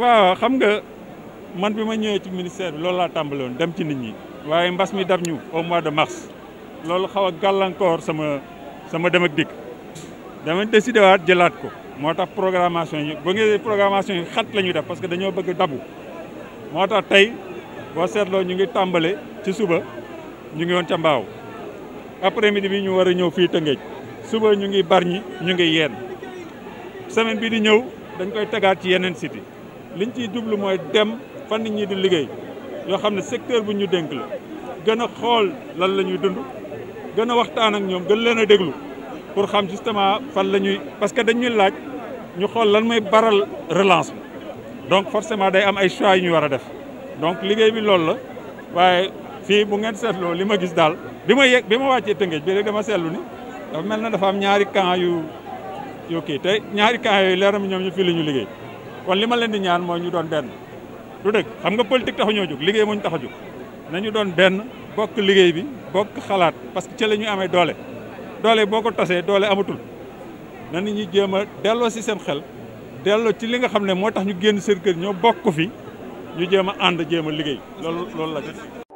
waaw xam nga man bima ma ñëwee ci ministère bi loolu laa tàmbaloon dem ci nit ñi waaye mbas mi dab ñu au mois de mars loolu xaw a gàllankoor sama sama dem ak dikk dama décidé waat jëlaat ko moo tax programmation yi ba ngeen programmation yi xat la ñuy def parce que dañoo bëgg dabu moo tax tey boo seetloo ñu ngi tàmbale ci suba ñu ngi woon ca mbaaw après midi bi ñu war a ñëw fii suba ñu ngi Bargny ñu ngi yeen semaine bi di ñëw dañ koy tegaat ci yeneen city liñ ciy jublu mooy dem fan nit ñi di liggéey yoo xam ne secteur bu ñu dénk la gën a xool lan la ñuy dund gën a waxtaan ak ñoom gën leen a déglu pour xam justement fan la ñuy parce que dañuy laaj ñu xool lan mooy baral relance bi donc forcément day am ay choix yu ñu war a def donc liggéey bi loolu la waaye fii bu ngeen seetloo li ma gis daal bi ma yegg bi ma wàccee Tëngéej bi rek dama seetlu ni dafa mel na dafa am ñaari camp yu yu kii te ñaari camp yooyu leer ñoom ñu fii la ñu liggéey kon li ma leen di ñaan mooy ñu doon benn du dëgg xam nga politique taxu ñoo jóg liggéey moo ñu tax a jóg nañu doon benn bokk liggéey bi bokk xalaat parce que ci la ñuy amee doole doole boo ko tasee doole amatul na nit ñi jéem a delloo si seen xel delloo ci li nga xam ne moo tax ñu génn seen kër ñoo bokk ko fi ñu jéem a ànd jéem a liggéey loolu loolu la